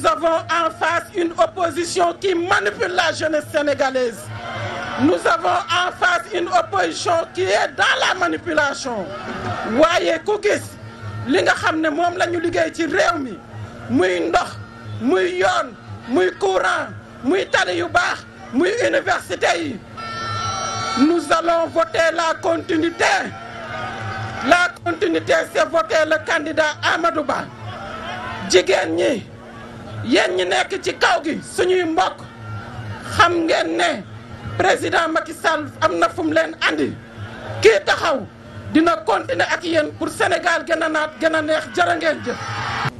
nous avons en face une opposition qui manipule la jeunesse sénégalaise. Nous avons en face une opposition qui est dans la manipulation waaye ku li nga xam ne moom la ñu liggéey ci réew mi muy ndox muy yoon muy courant muy tali yu baax muy université yi nous allons voter la continuité la continuité c'est voter le candidat Amadou Ba jigéen ñi yéen ñi nekk ci kaw gi suñuy mbokk xam ngeen ne président Macky Sall am na fu leen andi kii taxaw dina continuer ak yéen pour Sénégal gën a naat gën a neex jërë ngeen jëf